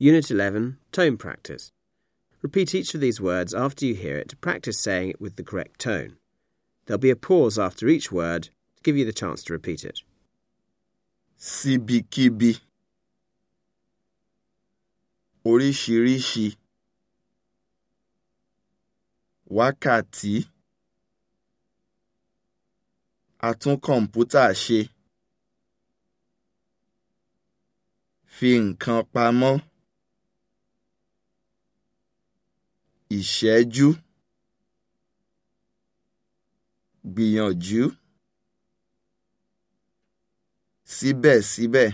Unit 11, Tone Practice. Repeat each of these words after you hear it to practice saying it with the correct tone. There'll be a pause after each word to give you the chance to repeat it. Sibikibi. Orishirishi. Wakati. Atun kọ̀ǹpútà ṣe. Fi ìṣẹ́jú gbìyànjú síbẹ̀síbẹ̀